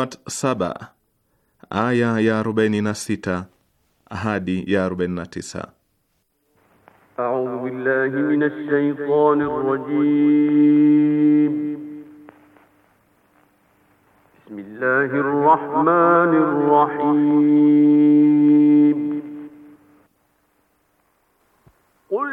Surat 7 aya ya 46 hadi ya 49. A'udhu billahi minash shaitani rrajim. Bismillahir rahmanir rahim. Qul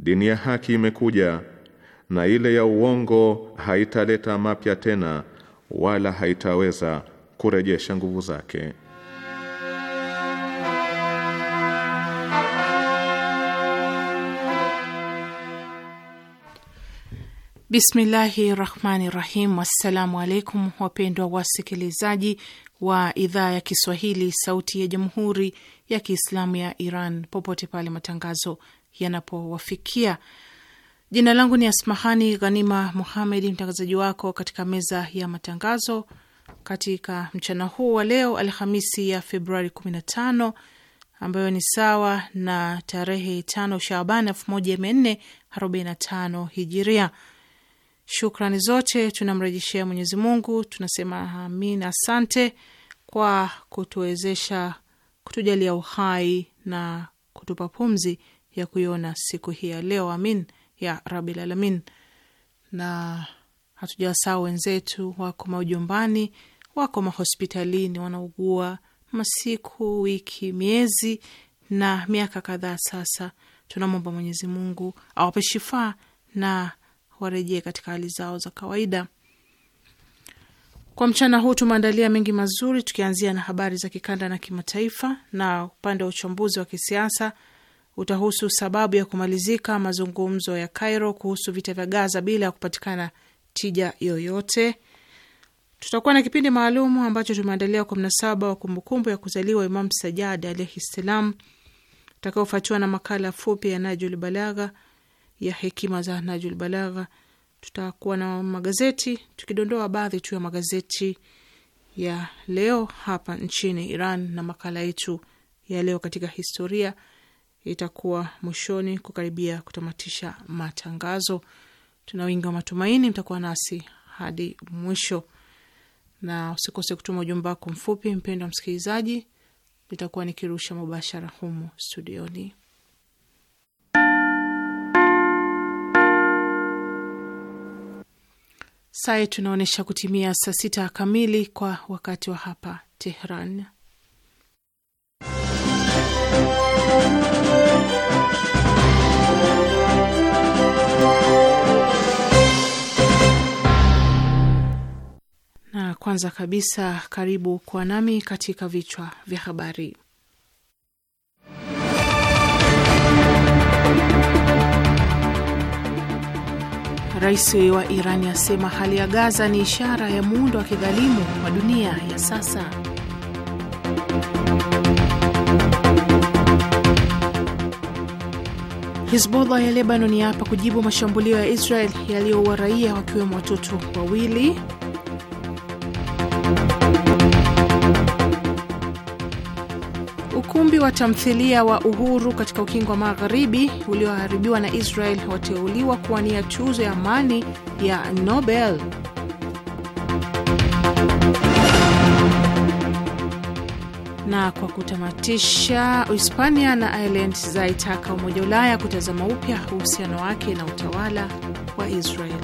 Dini ya haki imekuja na ile ya uongo haitaleta mapya tena wala haitaweza kurejesha nguvu zake. Bismillahi rahmani rahim. Assalamu alaikum wapendwa wasikilizaji wa idhaa ya Kiswahili sauti ya jamhuri ya Kiislamu ya Iran, popote pale matangazo yanapowafikia. Jina langu ni Asmahani Ghanima Muhamed, mtangazaji wako katika meza ya matangazo katika mchana huu wa leo Alhamisi ya Februari 15 ambayo ni sawa na tarehe tano Shaaban 1445 Hijiria. Shukrani zote tunamrejeshea Mwenyezi Mungu, tunasema amin. Asante kwa kutuwezesha kutujalia uhai na kutupa pumzi ya kuiona siku hii ya leo, amin ya rabil alamin. Na hatujawasahau wenzetu, wako majumbani, wako mahospitalini, wanaugua masiku, wiki, miezi na miaka kadhaa sasa. Tunamwomba Mwenyezi Mungu awape shifaa na warejee katika hali zao za kawaida. Kwa mchana huu tumeandalia mengi mazuri, tukianzia na habari za kikanda na kimataifa, na upande wa uchambuzi wa kisiasa utahusu sababu ya kumalizika mazungumzo ya Cairo kuhusu vita vya Gaza bila ya kupatikana tija yoyote. Tutakuwa na kipindi maalumu ambacho tumeandalia kwa mnasaba wa kumbukumbu ya kuzaliwa Imam Sajad alaihi ssalam, tutakaofuatiwa na makala fupi ya Najul Balagha ya hekima za Najul Balagha. Tutakuwa na magazeti tukidondoa baadhi tu ya magazeti ya leo hapa nchini Iran na makala yetu ya leo katika historia itakuwa mwishoni kukaribia kutamatisha matangazo. Tuna wingi wa matumaini mtakuwa nasi hadi mwisho, na usikose kutuma ujumbe wako mfupi, mpendo wa msikilizaji, nitakuwa nikirusha mubashara humu studioni. Saa yetu inaonyesha kutimia saa sita kamili kwa wakati wa hapa Tehran. Kwanza kabisa, karibu kwa nami katika vichwa vya habari. Rais wa iran asema hali ya Gaza ni ishara ya muundo wa kidhalimu wa dunia ya sasa. Hizbullah ya Lebanon yaapa kujibu mashambulio ya Israel yaliyoua raia wakiwemo watoto wawili. Waimbi wa tamthilia wa uhuru katika ukingo wa magharibi ulioharibiwa na Israel wateuliwa kuwania tuzo ya amani ya Nobel. Na kwa kutamatisha, Uhispania na Ireland zaitaka Umoja Ulaya kutazama upya uhusiano wake na utawala wa Israel.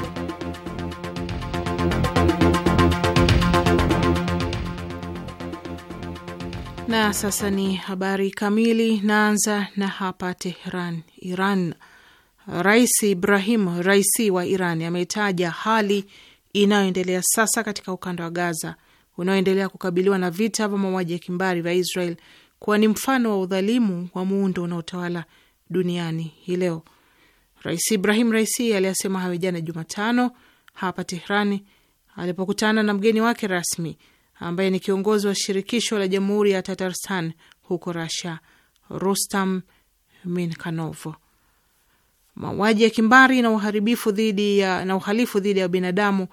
Na sasa ni habari kamili. Naanza na hapa Tehran, Iran. Rais Ibrahim Raisi wa Iran ametaja hali inayoendelea sasa katika ukanda wa Gaza unaoendelea kukabiliwa na vita vya mauaji ya kimbari vya Israel kuwa ni mfano wa udhalimu wa muundo unaotawala duniani hii leo. Rais Ibrahim Raisi aliyasema hayo jana Jumatano hapa Tehrani alipokutana na mgeni wake rasmi ambaye ni kiongozi wa shirikisho la jamhuri ya Tatarstan huko Rasia, Rustam Minkanovo. Mauaji ya kimbari na uharibifu dhidi ya, na uhalifu dhidi ya binadamu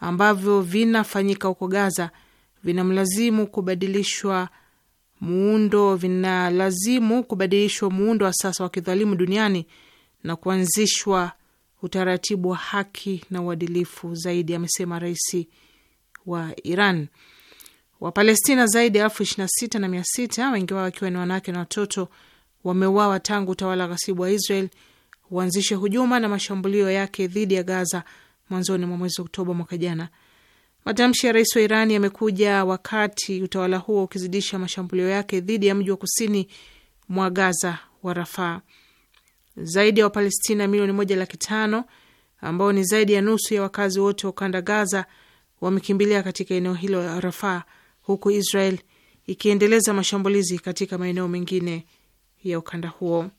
ambavyo vinafanyika huko Gaza vinamlazimu kubadilishwa muundo vinalazimu kubadilishwa muundo wa sasa wa kidhalimu duniani na kuanzishwa utaratibu wa haki na uadilifu zaidi, amesema rais wa Iran. Wapalestina zaidi ya elfu ishirini na sita na mia sita wengi wao wakiwa ni wanawake na watoto wameuawa tangu utawala ghasibu wa Israel uanzishe hujuma na mashambulio yake dhidi ya Gaza mwanzoni mwa mwezi Oktoba mwaka jana. Matamshi ya rais wa Iran yamekuja wakati utawala huo ukizidisha mashambulio yake dhidi ya mji wa kusini mwa Gaza wa Rafaa. Zaidi ya Wapalestina milioni moja laki tano ambao ni zaidi ya nusu ya wakazi wote wa ukanda Gaza wamekimbilia katika eneo hilo la Rafaa huku Israel ikiendeleza mashambulizi katika maeneo mengine ya ukanda huo.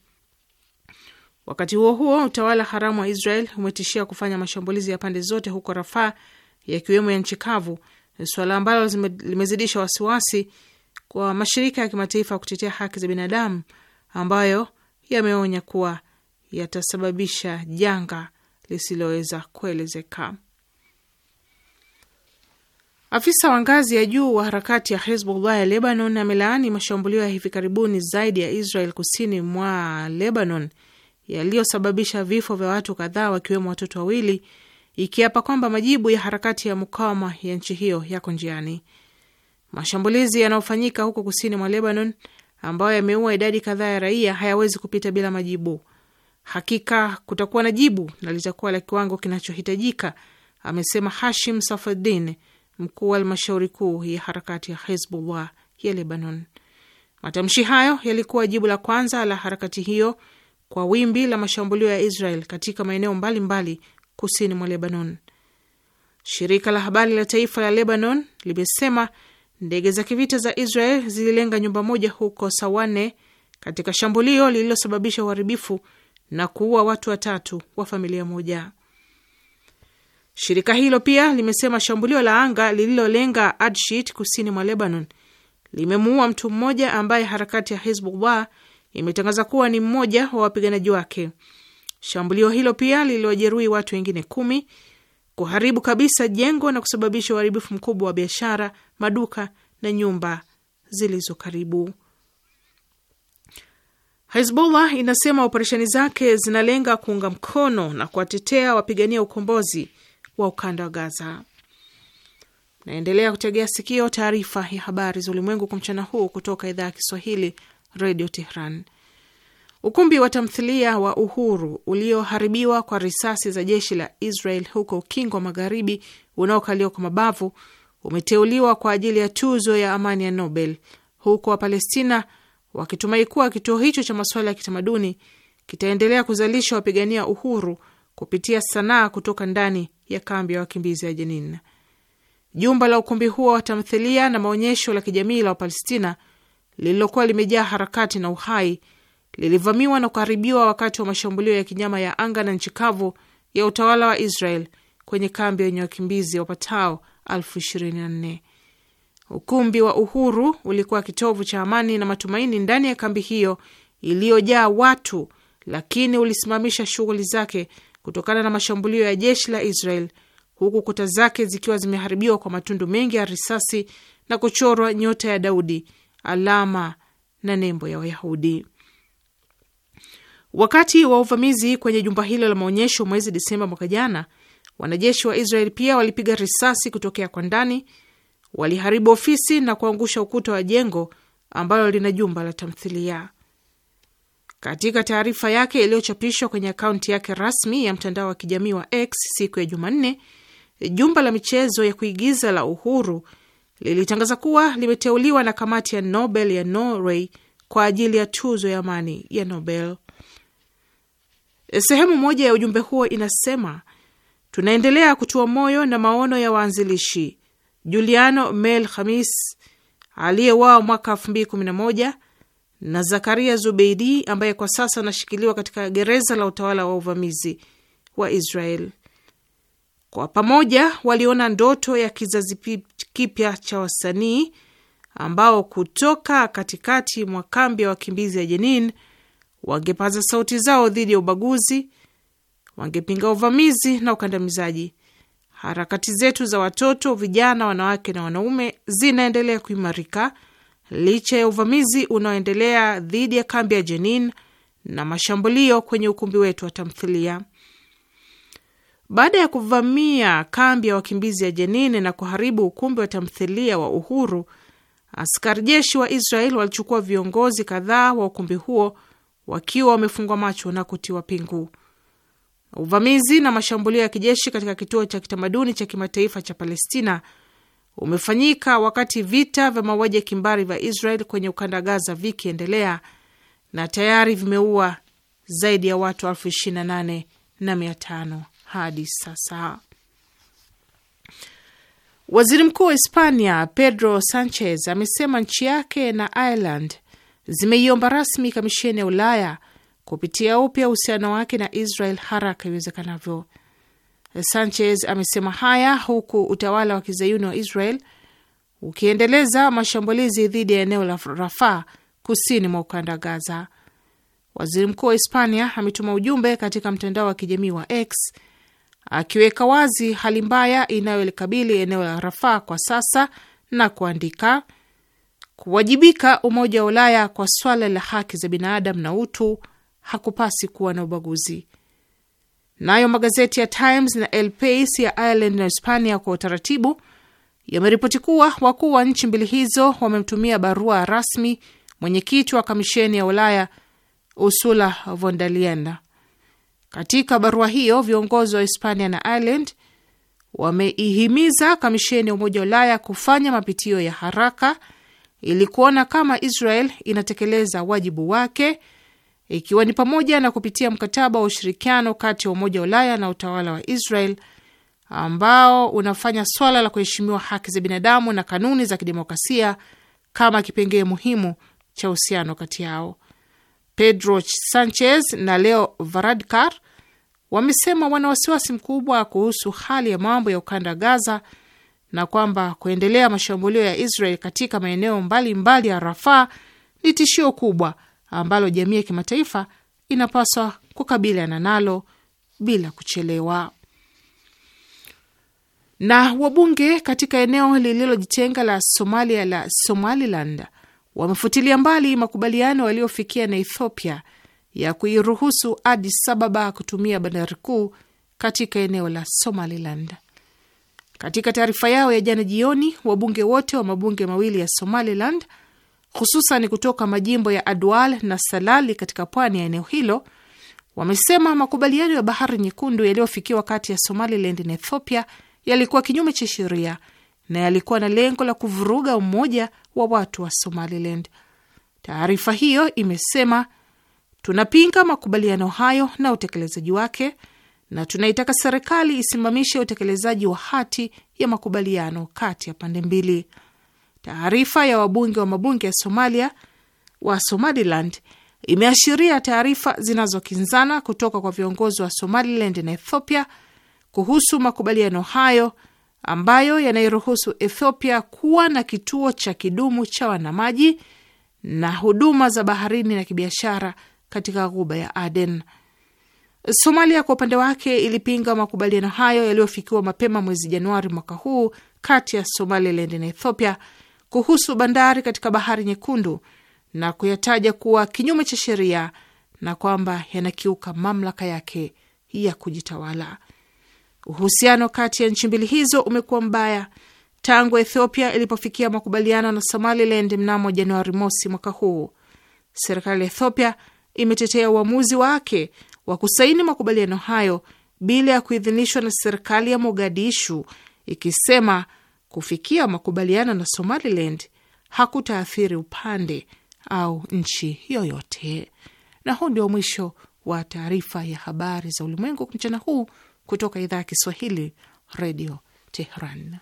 Wakati huo huo, utawala haramu wa Israel umetishia kufanya mashambulizi ya pande zote huko Rafaa, yakiwemo ya nchi kavu, suala ambalo limezidisha wasiwasi kwa mashirika ya kimataifa ya kutetea haki za binadamu ambayo yameonya kuwa yatasababisha janga lisiloweza kuelezeka. Afisa wa ngazi ya juu wa harakati ya Hezbollah ya Lebanon amelaani mashambulio ya hivi karibuni zaidi ya Israel kusini mwa Lebanon yaliyosababisha vifo vya watu kadhaa wakiwemo watoto wawili, ikiapa kwamba majibu ya harakati ya mukawama ya nchi hiyo yako njiani. Mashambulizi yanayofanyika huko kusini mwa Lebanon ambayo yameua idadi kadhaa ya raia hayawezi kupita bila majibu. Hakika kutakuwa na jibu na litakuwa la kiwango kinachohitajika, amesema Hashim Safadin, mkuu wa halmashauri kuu ya harakati ya Hezbullah ya Lebanon. Matamshi hayo yalikuwa jibu la kwanza la harakati hiyo kwa wimbi la mashambulio ya Israel katika maeneo mbalimbali kusini mwa Lebanon. Shirika la habari la taifa la Lebanon limesema ndege za kivita za Israel zililenga nyumba moja huko Sawane katika shambulio lililosababisha uharibifu na kuua watu watatu wa familia moja. Shirika hilo pia limesema shambulio la anga lililolenga Adshit kusini mwa Lebanon limemuua mtu mmoja ambaye harakati ya Hizbullah imetangaza kuwa ni mmoja wa wapiganaji wake. Shambulio hilo pia liliwajeruhi watu wengine kumi, kuharibu kabisa jengo na kusababisha uharibifu mkubwa wa biashara, maduka na nyumba zilizo karibu. Hizbullah inasema operesheni zake zinalenga kuunga mkono na kuwatetea wapigania ukombozi wa ukanda wa Gaza. Naendelea kutegea sikio taarifa ya habari za ulimwengu kwa mchana huu kutoka idhaa ya Kiswahili, Radio Tehran. Ukumbi wa tamthilia wa Uhuru ulioharibiwa kwa risasi za jeshi la Israel huko Ukingo wa Magharibi unaokaliwa kwa mabavu umeteuliwa kwa ajili ya tuzo ya amani ya Nobel, huku Wapalestina wakitumai kuwa kituo hicho cha masuala ya kitamaduni kitaendelea kuzalisha wapigania uhuru kupitia sanaa kutoka ndani ya kambi ya wakimbizi ya Jenin. Jumba la ukumbi huo wa tamthilia na maonyesho la kijamii la Wapalestina lililokuwa limejaa harakati na uhai lilivamiwa na kuharibiwa wakati wa mashambulio ya kinyama ya anga na nchi kavu ya utawala wa Israel kwenye kambi yenye wakimbizi wapatao elfu ishirini na nne. Ukumbi wa Uhuru ulikuwa kitovu cha amani na matumaini ndani ya kambi hiyo iliyojaa watu, lakini ulisimamisha shughuli zake kutokana na mashambulio ya jeshi la Israel, huku kuta zake zikiwa zimeharibiwa kwa matundu mengi ya risasi na kuchorwa nyota ya Daudi, alama na nembo ya Wayahudi. Wakati wa uvamizi kwenye jumba hilo la maonyesho mwezi Disemba mwaka jana, wanajeshi wa Israel pia walipiga risasi kutokea kwa ndani, waliharibu ofisi na kuangusha ukuta wa jengo ambalo lina jumba la tamthilia. Katika taarifa yake iliyochapishwa kwenye akaunti yake rasmi ya mtandao wa kijamii wa X siku ya Jumanne, jumba la michezo ya kuigiza la Uhuru lilitangaza kuwa limeteuliwa na kamati ya Nobel ya Norway kwa ajili ya tuzo ya amani ya Nobel. Sehemu moja ya ujumbe huo inasema, tunaendelea kutua moyo na maono ya waanzilishi Juliano Mel Khamis aliyewao mwaka na Zakaria Zubeidi ambaye kwa sasa anashikiliwa katika gereza la utawala wa uvamizi wa Israel. Kwa pamoja waliona ndoto ya kizazi kipya cha wasanii ambao kutoka katikati mwa kambi ya wakimbizi ya Jenin wangepaza sauti zao dhidi ya ubaguzi, wangepinga uvamizi na ukandamizaji. Harakati zetu za watoto, vijana, wanawake na wanaume zinaendelea kuimarika licha ya uvamizi unaoendelea dhidi ya kambi ya Jenin na mashambulio kwenye ukumbi wetu wa tamthilia. Baada ya kuvamia kambi ya wakimbizi ya Jenin na kuharibu ukumbi wa tamthilia wa Uhuru, askari jeshi wa Israel walichukua viongozi kadhaa wa ukumbi huo wakiwa wamefungwa macho na kutiwa pingu. Uvamizi na mashambulio ya kijeshi katika kituo cha kitamaduni cha kimataifa cha Palestina umefanyika wakati vita vya mauaji ya kimbari vya Israel kwenye ukanda Gaza vikiendelea na tayari vimeua zaidi ya watu elfu ishirini na nane na mia tano hadi sasa. Waziri mkuu wa Hispania Pedro Sanchez amesema nchi yake na Ireland zimeiomba rasmi kamisheni ya Ulaya kupitia upya uhusiano wake na Israel haraka iwezekanavyo. Sanchez amesema haya huku utawala wa kizayuni wa Israel ukiendeleza mashambulizi dhidi ya eneo la Rafaa kusini mwa ukanda Gaza. Waziri mkuu wa Hispania ametuma ujumbe katika mtandao wa kijamii wa X akiweka wazi hali mbaya inayolikabili eneo la Rafaa kwa sasa na kuandika, kuwajibika Umoja wa Ulaya kwa swala la haki za binadamu na utu hakupasi kuwa na ubaguzi. Nayo magazeti ya Times na El Pais ya Ireland na Hispania kwa utaratibu yameripoti kuwa wakuu wa nchi mbili hizo wamemtumia barua rasmi mwenyekiti wa kamisheni ya Ulaya Ursula von der Leyen. Katika barua hiyo, viongozi wa Hispania na Ireland wameihimiza kamisheni ya Umoja wa Ulaya kufanya mapitio ya haraka ili kuona kama Israel inatekeleza wajibu wake ikiwa ni pamoja na kupitia mkataba wa ushirikiano kati ya Umoja wa Ulaya na utawala wa Israel ambao unafanya swala la kuheshimiwa haki za binadamu na kanuni za kidemokrasia kama kipengee muhimu cha uhusiano kati yao. Pedro Sanchez na Leo Varadkar wamesema wana wasiwasi mkubwa kuhusu hali ya mambo ya ukanda Gaza na kwamba kuendelea mashambulio ya Israel katika maeneo mbalimbali ya Rafaa ni tishio kubwa ambalo jamii ya kimataifa inapaswa kukabiliana nalo bila kuchelewa. Na wabunge katika eneo lililojitenga la Somalia la Somaliland wamefutilia mbali makubaliano yaliyofikia na Ethiopia ya kuiruhusu Addis Ababa kutumia bandari kuu katika eneo la Somaliland. Katika taarifa yao ya jana jioni, wabunge wote wa mabunge mawili ya Somaliland hususan kutoka majimbo ya Adwal na Salali katika pwani ya eneo hilo wamesema makubaliano ya Bahari Nyekundu yaliyofikiwa kati ya Somaliland na Ethiopia yalikuwa kinyume cha sheria na yalikuwa na lengo la kuvuruga umoja wa watu wa Somaliland. Taarifa hiyo imesema, tunapinga makubaliano hayo na utekelezaji wake na tunaitaka serikali isimamishe utekelezaji wa hati ya makubaliano kati ya pande mbili. Taarifa ya wabunge wa mabunge ya Somalia wa Somaliland imeashiria taarifa zinazokinzana kutoka kwa viongozi wa Somaliland na Ethiopia kuhusu makubaliano hayo ambayo yanairuhusu Ethiopia kuwa na kituo cha kidumu cha wanamaji na huduma za baharini na kibiashara katika ghuba ya Aden. Somalia kwa upande wake ilipinga makubaliano hayo yaliyofikiwa mapema mwezi Januari mwaka huu kati ya Somaliland na Ethiopia kuhusu bandari katika Bahari Nyekundu na kuyataja kuwa kinyume cha sheria na kwamba yanakiuka mamlaka yake ya kujitawala. Uhusiano kati ya nchi mbili hizo umekuwa mbaya tangu Ethiopia ilipofikia makubaliano na Somaliland mnamo Januari mosi mwaka huu. Serikali ya Ethiopia imetetea uamuzi wake wa kusaini makubaliano hayo bila ya kuidhinishwa na serikali ya Mogadishu, ikisema kufikia makubaliano na Somaliland hakutaathiri upande au nchi yoyote. Na huu ndio mwisho wa taarifa ya habari za ulimwengu mchana huu kutoka idhaa ya Kiswahili, Redio teheran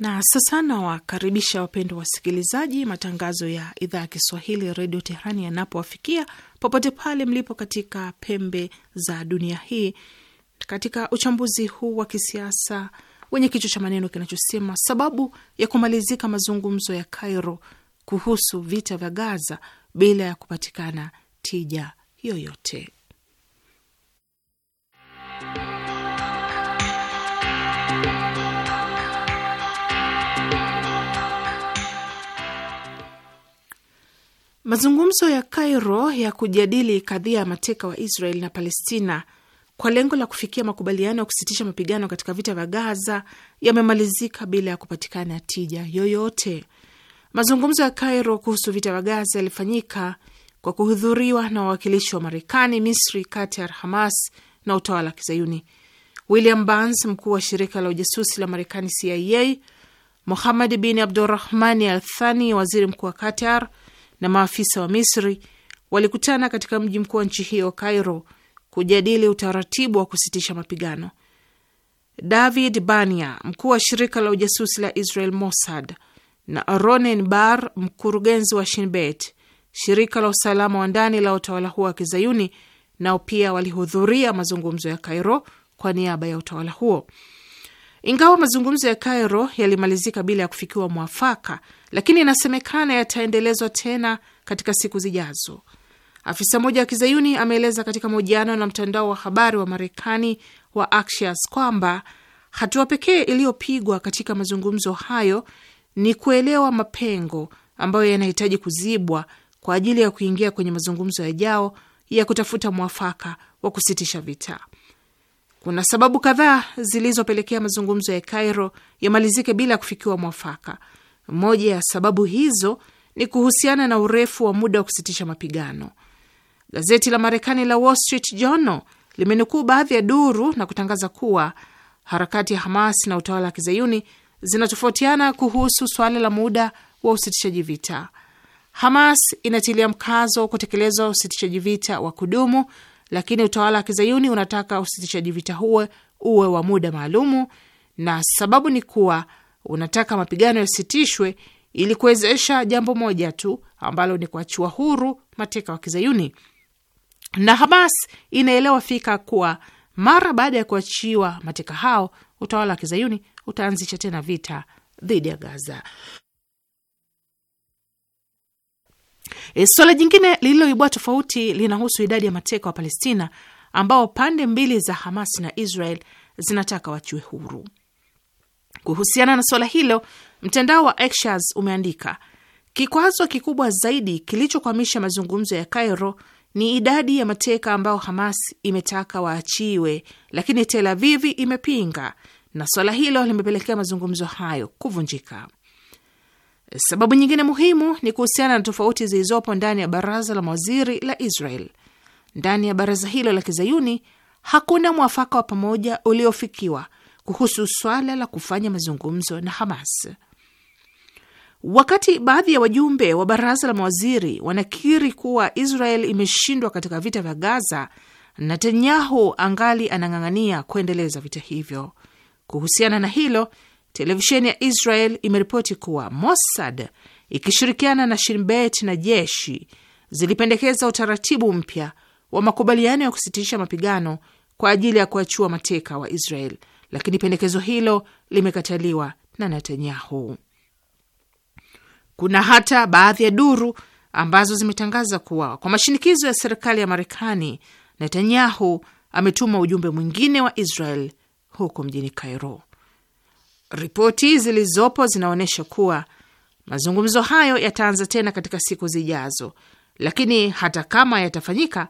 Na sasa nawakaribisha wapendwa wasikilizaji, matangazo ya idhaa ya Kiswahili redio Teherani yanapowafikia popote pale mlipo katika pembe za dunia hii, katika uchambuzi huu wa kisiasa wenye kichwa cha maneno kinachosema sababu ya kumalizika mazungumzo ya Cairo kuhusu vita vya Gaza bila ya kupatikana tija yoyote. Mazungumzo ya Cairo ya kujadili kadhia ya mateka wa Israel na Palestina kwa lengo la kufikia makubaliano ya kusitisha mapigano katika vita vya Gaza yamemalizika bila ya kupatikana tija yoyote. Mazungumzo ya Cairo kuhusu vita vya Gaza yalifanyika kwa kuhudhuriwa na wawakilishi wa Marekani, Misri, Qatar, Hamas na utawala wa Kizayuni. William Burns, mkuu wa shirika la ujasusi la Marekani CIA, Mohamad bin Abdurahmani Althani, waziri mkuu wa Qatar, na maafisa wa Misri walikutana katika mji mkuu wa nchi hiyo Cairo kujadili utaratibu wa kusitisha mapigano. David Bania, mkuu wa shirika la ujasusi la Israel Mossad, na Ronen Bar, mkurugenzi wa Shinbet, shirika la usalama wa ndani la utawala huo wa Kizayuni, nao pia walihudhuria mazungumzo ya Cairo kwa niaba ya utawala huo. Ingawa mazungumzo ya Cairo yalimalizika bila ya kufikiwa mwafaka, lakini inasemekana yataendelezwa tena katika siku zijazo. Afisa mmoja wa kizayuni ameeleza katika mahojiano na mtandao wa habari wa Marekani wa Axios kwamba hatua pekee iliyopigwa katika mazungumzo hayo ni kuelewa mapengo ambayo yanahitaji kuzibwa kwa ajili ya kuingia kwenye mazungumzo yajao ya kutafuta mwafaka wa kusitisha vita. Kuna sababu kadhaa zilizopelekea mazungumzo ya Cairo yamalizike bila kufikiwa mwafaka. Moja ya sababu hizo ni kuhusiana na urefu wa muda wa kusitisha mapigano. Gazeti la Marekani la Wall Street Journal limenukuu baadhi ya duru na kutangaza kuwa harakati ya Hamas na utawala wa kizayuni zinatofautiana kuhusu suala la muda wa usitishaji vita. Hamas inatilia mkazo kutekelezwa usitishaji vita wa kudumu lakini utawala wa kizayuni unataka usitishaji vita huo uwe wa muda maalumu, na sababu ni kuwa unataka mapigano yasitishwe ili kuwezesha jambo moja tu ambalo ni kuachiwa huru mateka wa kizayuni. Na Hamas inaelewa fika kuwa mara baada ya kuachiwa mateka hao utawala wa kizayuni utaanzisha tena vita dhidi ya Gaza. E, swala jingine lililoibua tofauti linahusu idadi ya mateka wa Palestina ambao pande mbili za Hamas na Israel zinataka wachiwe huru. Kuhusiana na swala hilo, mtandao wa Axios umeandika kikwazo kikubwa zaidi kilichokwamisha mazungumzo ya Cairo ni idadi ya mateka ambao Hamas imetaka waachiwe, lakini Tel avivi imepinga, na swala hilo limepelekea mazungumzo hayo kuvunjika. Sababu nyingine muhimu ni kuhusiana na tofauti zilizopo ndani ya baraza la mawaziri la Israel. Ndani ya baraza hilo la kizayuni hakuna mwafaka wa pamoja uliofikiwa kuhusu swala la kufanya mazungumzo na Hamas. Wakati baadhi ya wajumbe wa baraza la mawaziri wanakiri kuwa Israel imeshindwa katika vita vya Gaza, Netanyahu angali anang'ang'ania kuendeleza vita hivyo. Kuhusiana na hilo Televisheni ya Israel imeripoti kuwa Mossad ikishirikiana na Shinbet na jeshi zilipendekeza utaratibu mpya wa makubaliano ya kusitisha mapigano kwa ajili ya kuachua mateka wa Israel, lakini pendekezo hilo limekataliwa na Netanyahu. Kuna hata baadhi ya duru ambazo zimetangaza kuwa kwa mashinikizo ya serikali ya Marekani, Netanyahu ametuma ujumbe mwingine wa Israel huko mjini Cairo. Ripoti zilizopo zinaonyesha kuwa mazungumzo hayo yataanza tena katika siku zijazo, lakini hata kama yatafanyika,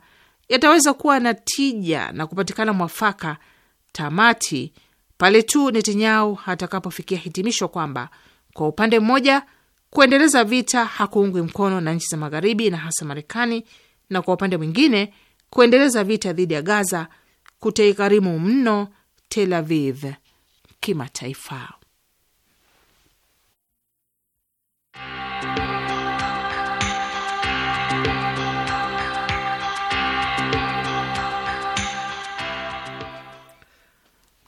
yataweza kuwa na tija na kupatikana mwafaka tamati pale tu Netanyahu atakapofikia hitimisho kwamba kwa upande mmoja kuendeleza vita hakuungwi mkono na nchi za Magharibi na hasa Marekani, na kwa upande mwingine kuendeleza vita dhidi ya Gaza kutaigharimu mno Tel Aviv kimataifa.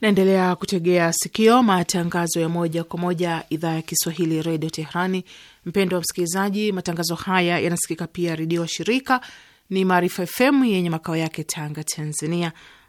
Naendelea kutegea sikio matangazo ya moja kwa moja idhaa ya Kiswahili redio Teherani. Mpendo wa msikilizaji, matangazo haya yanasikika pia redio wa shirika ni Maarifa FM yenye makao yake Tanga, Tanzania.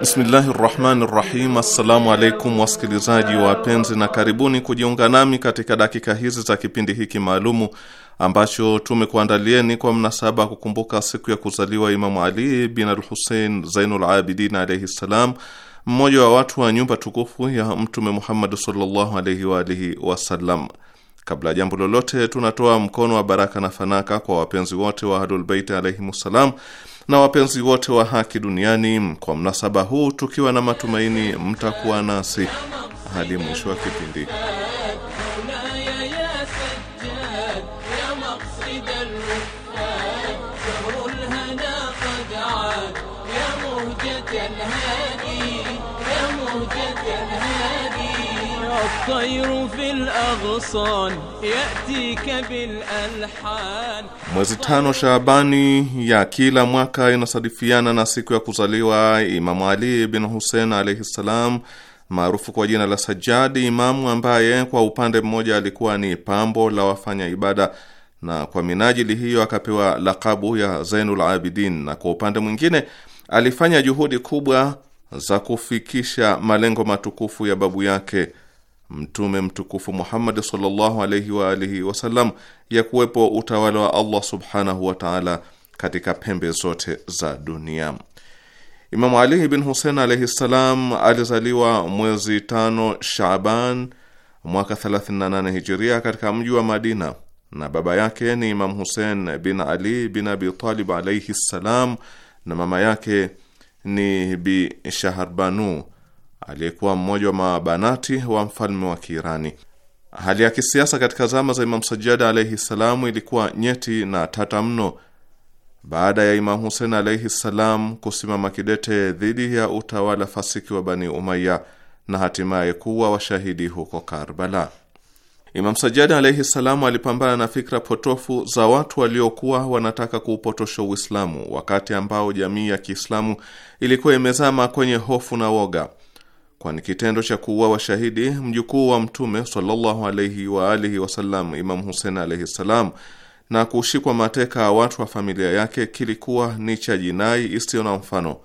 Bismillahi rahmani rahim. Assalamu alaikum wasikilizaji wapenzi, na karibuni kujiunga nami katika dakika hizi za kipindi hiki maalumu ambacho tumekuandalieni kwa mnasaba wa kukumbuka siku ya kuzaliwa Imamu Ali bin al-Hussein Zainul Abidin alayhi mmoja wa watu wa nyumba tukufu ya Mtume Muhammad sallallahu alaihi wa alihi wasallam. Kabla ya jambo lolote, tunatoa mkono wa baraka na fanaka kwa wapenzi wote wa Ahlulbeiti alaihim ssalam na wapenzi wote wa haki duniani. Kwa mnasaba huu, tukiwa na matumaini mtakuwa nasi hadi mwisho wa kipindi. غصن Mwezi tano Shaabani ya kila mwaka inasadifiana na siku ya kuzaliwa Imamu Ali bin Hussein alaihi ssalam, maarufu kwa jina la Sajadi, imamu ambaye kwa upande mmoja alikuwa ni pambo la wafanya ibada na kwa minajili hiyo akapewa lakabu ya Zainul Abidin, na kwa upande mwingine alifanya juhudi kubwa za kufikisha malengo matukufu ya babu yake Mtume mtukufu Muhammad sallallahu alayhi wa alihi wasallam ya kuwepo utawala wa Allah subhanahu wa ta'ala katika pembe zote za dunia. Imamu Ali bin husein alayhi salam alizaliwa mwezi tano Shaaban mwaka 38 Hijiria katika mji wa Madina, na baba yake ni Imam Husein bin Ali bin Abi Talib alayhi salam, na mama yake ni Bi Shaharbanu aliyekuwa mmoja wa mabanati wa mfalme wa Kiirani. Hali ya kisiasa katika zama za Imam Sajjad alaihi salamu ilikuwa nyeti na tata mno. Baada ya Imam Husein alaihi salam kusimama kidete dhidi ya utawala fasiki wa Bani Umaya na hatimaye kuwa washahidi huko Karbala, Imam Sajjad alaihi salamu alipambana na fikra potofu za watu waliokuwa wanataka kuupotosha Uislamu wakati ambao jamii ya Kiislamu ilikuwa imezama kwenye hofu na woga kwani kitendo cha kuua washahidi mjukuu wa Mtume sallallahu alaihi wa alihi wasallam Imam Husein alaihi na kushikwa mateka watu wa familia yake kilikuwa ni cha jinai isiyo na mfano.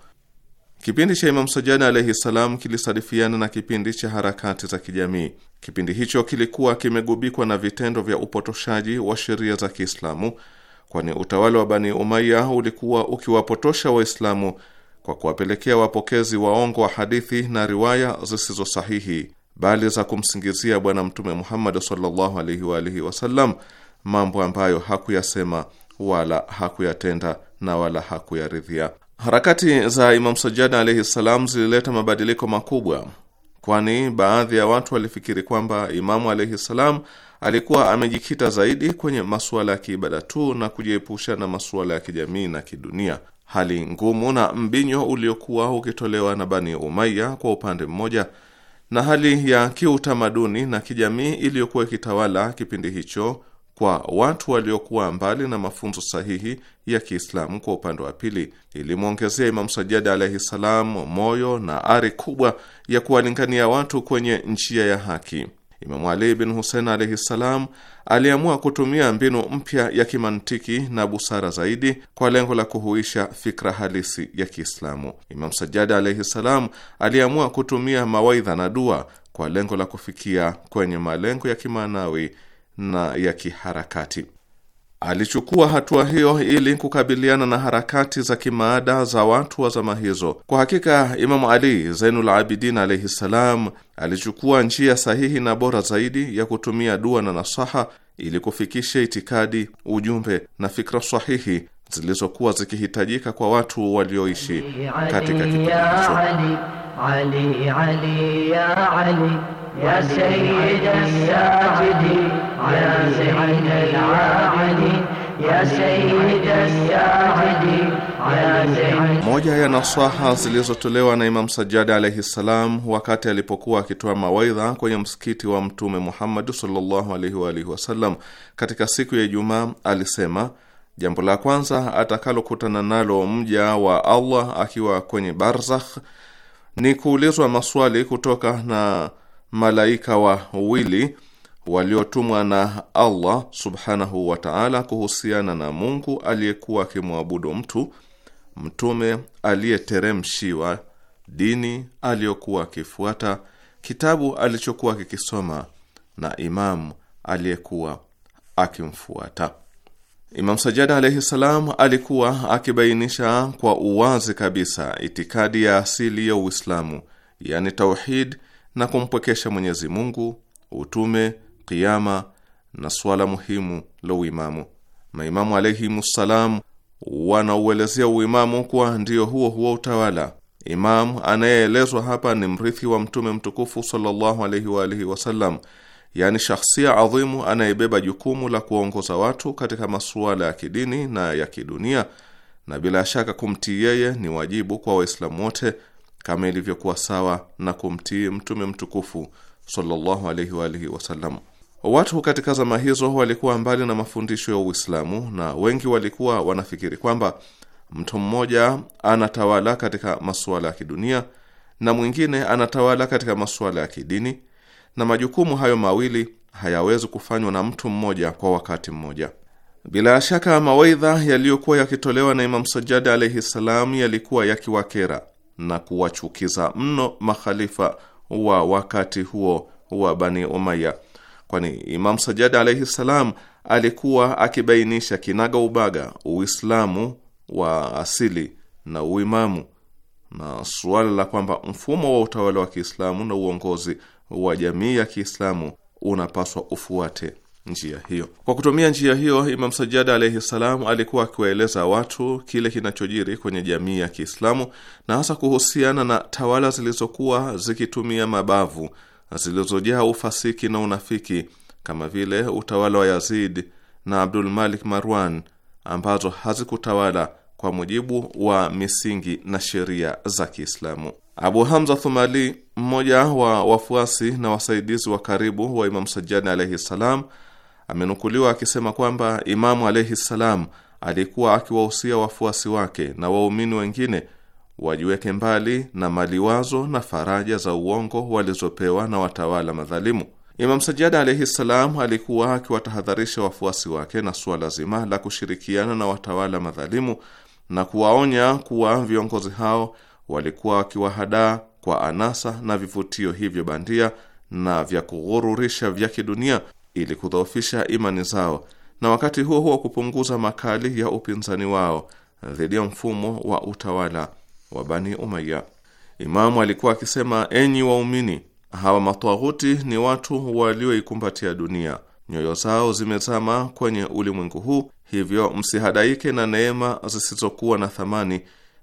Kipindi cha Imam Sajjad alaihi salam kilisadifiana na kipindi cha harakati za kijamii. Kipindi hicho kilikuwa kimegubikwa na vitendo vya upotoshaji wa sheria za Kiislamu, kwani utawala wa Bani Umaya ulikuwa ukiwapotosha Waislamu kwa kuwapelekea wapokezi waongo wa hadithi na riwaya zisizo sahihi, bali za kumsingizia Bwana Mtume Muhammad sallallahu alaihi wa alihi wasallam mambo ambayo hakuyasema wala hakuyatenda na wala hakuyaridhia. Harakati za Imam Sajjad alaihi salam zilileta mabadiliko makubwa, kwani baadhi ya watu walifikiri kwamba Imamu alaihi ssalam alikuwa amejikita zaidi kwenye masuala ya kiibada tu na kujiepusha na masuala ya kijamii na kidunia hali ngumu na mbinyo uliokuwa ukitolewa na Bani Umaya kwa upande mmoja na hali ya kiutamaduni na kijamii iliyokuwa ikitawala kipindi hicho kwa watu waliokuwa mbali na mafunzo sahihi ya Kiislamu kwa upande wa pili, ilimwongezea Imamu sajadi alaihi salam moyo na ari kubwa ya kuwalingania watu kwenye njia ya haki Imamu Ali bin Husein alaihi ssalam aliamua kutumia mbinu mpya ya kimantiki na busara zaidi kwa lengo la kuhuisha fikra halisi ya Kiislamu. Imamu sajadi alaihi ssalam aliamua kutumia mawaidha na dua kwa lengo la kufikia kwenye malengo ya kimaanawi na ya kiharakati. Alichukua hatua hiyo ili kukabiliana na harakati za kimaada za watu wa zama hizo. Kwa hakika, Imamu Ali Zainul Abidin alaihi ssalam alichukua njia sahihi na bora zaidi ya kutumia dua na nasaha ili kufikisha itikadi, ujumbe na fikra sahihi zilizokuwa zikihitajika kwa watu walioishi katika kipindi hicho. يا سيد الساجدين يا زين العابدين moja ya nasaha zilizotolewa na Imam sajadi alaihi ssalam wakati alipokuwa akitoa mawaidha kwenye msikiti wa Mtume Muhammadi sallallahu alaihi wa alihi wasallam katika siku ya Ijumaa alisema, jambo la kwanza atakalokutana nalo mja wa Allah akiwa kwenye barzakh ni kuulizwa maswali kutoka na malaika wawili waliotumwa na Allah subhanahu wa ta'ala kuhusiana na Mungu aliyekuwa akimwabudu mtu mtume aliyeteremshiwa, dini aliyokuwa akifuata, kitabu alichokuwa kikisoma na imamu aliyekuwa akimfuata. Imam Sajjad alayhi salam alikuwa akibainisha kwa uwazi kabisa itikadi ya asili ya Uislamu, yani tauhid na kumpwekesha Mwenyezi Mungu, utume, kiama na swala muhimu la uimamu. Maimamu alaihimussalam wanauelezea uimamu kuwa ndio huo huo utawala. Imamu anayeelezwa hapa ni mrithi wa Mtume mtukufu sallallahu alayhi wa alihi wasallam, yani shakhsia adhimu anayebeba jukumu la kuongoza watu katika masuala ya kidini na ya kidunia, na bila shaka kumtii yeye ni wajibu kwa Waislamu wote kama ilivyokuwa sawa na kumtii Mtume mtukufu sallallahu alaihi wa alihi wasallam. Watu katika zama hizo walikuwa mbali na mafundisho ya Uislamu na wengi walikuwa wanafikiri kwamba mtu mmoja anatawala katika masuala ya kidunia na mwingine anatawala katika masuala ya kidini, na majukumu hayo mawili hayawezi kufanywa na mtu mmoja kwa wakati mmoja. Bila shaka mawaidha yaliyokuwa yakitolewa na Imam Sajjad alaihi ssalam yalikuwa yakiwakera na kuwachukiza mno makhalifa wa wakati huo wa Bani Umaya, kwani Imam sajadi alaihi ssalam alikuwa akibainisha kinaga ubaga Uislamu wa asili na uimamu na suala la kwamba mfumo wa utawala wa Kiislamu na uongozi wa jamii ya Kiislamu unapaswa ufuate njia hiyo. Kwa kutumia njia hiyo, Imam Sajjada alaihi salam alikuwa akiwaeleza watu kile kinachojiri kwenye jamii ya Kiislamu na hasa kuhusiana na tawala zilizokuwa zikitumia mabavu zilizojaa ufasiki na unafiki kama vile utawala wa Yazid na Abdul Malik Marwan ambazo hazikutawala kwa mujibu wa misingi na sheria za Kiislamu. Abu Hamza Thumali, mmoja wa wafuasi na wasaidizi wa karibu wa Imam Sajjad alaihi salam amenukuliwa akisema kwamba Imamu alaihi ssalam alikuwa akiwahusia wafuasi wake na waumini wengine wajiweke mbali na maliwazo na faraja za uongo walizopewa na watawala madhalimu. Imam Sajjad alaihi ssalam alikuwa akiwatahadharisha wafuasi wake na suala zima la kushirikiana na watawala madhalimu na kuwaonya kuwa viongozi hao walikuwa wakiwahadaa kwa anasa na vivutio hivyo bandia na vya kughururisha vya kidunia ili kudhoofisha imani zao na wakati huo huo kupunguza makali ya upinzani wao dhidi ya mfumo wa utawala wa Bani Umayya. Imamu alikuwa akisema, enyi waumini, hawa matwaghuti ni watu walioikumbatia dunia, nyoyo zao zimezama kwenye ulimwengu huu, hivyo msihadaike na neema zisizokuwa na thamani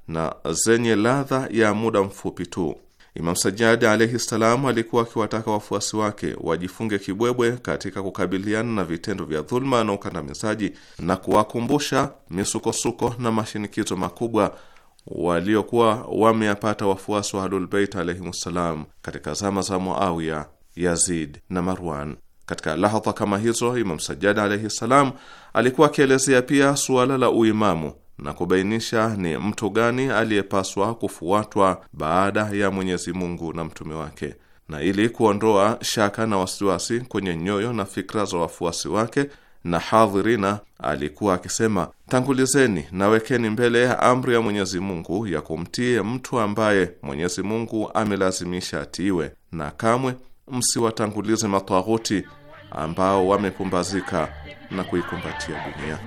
na zenye ladha ya muda mfupi tu. Imam Sajjad alaihi ssalam alikuwa akiwataka wafuasi wake wajifunge kibwebwe katika kukabiliana na vitendo vya dhuluma na ukandamizaji na kuwakumbusha misukosuko na mashinikizo makubwa waliokuwa wameyapata wafuasi wa Ahlulbeit alaihim ssalam katika zama za Muawiya, Yazid na Marwan. Katika lahadha kama hizo, Imam Sajjad alaihi ssalam alikuwa akielezea pia suala la uimamu na kubainisha ni mtu gani aliyepaswa kufuatwa baada ya Mwenyezi Mungu na mtume wake, na ili kuondoa shaka na wasiwasi kwenye nyoyo na fikra za wafuasi wake na hadhirina, alikuwa akisema tangulizeni na wekeni mbele ya amri ya Mwenyezi Mungu ya kumtie mtu ambaye Mwenyezi Mungu amelazimisha atiiwe, na kamwe msiwatangulize matwaghuti ambao wamepumbazika na kuikumbatia dunia.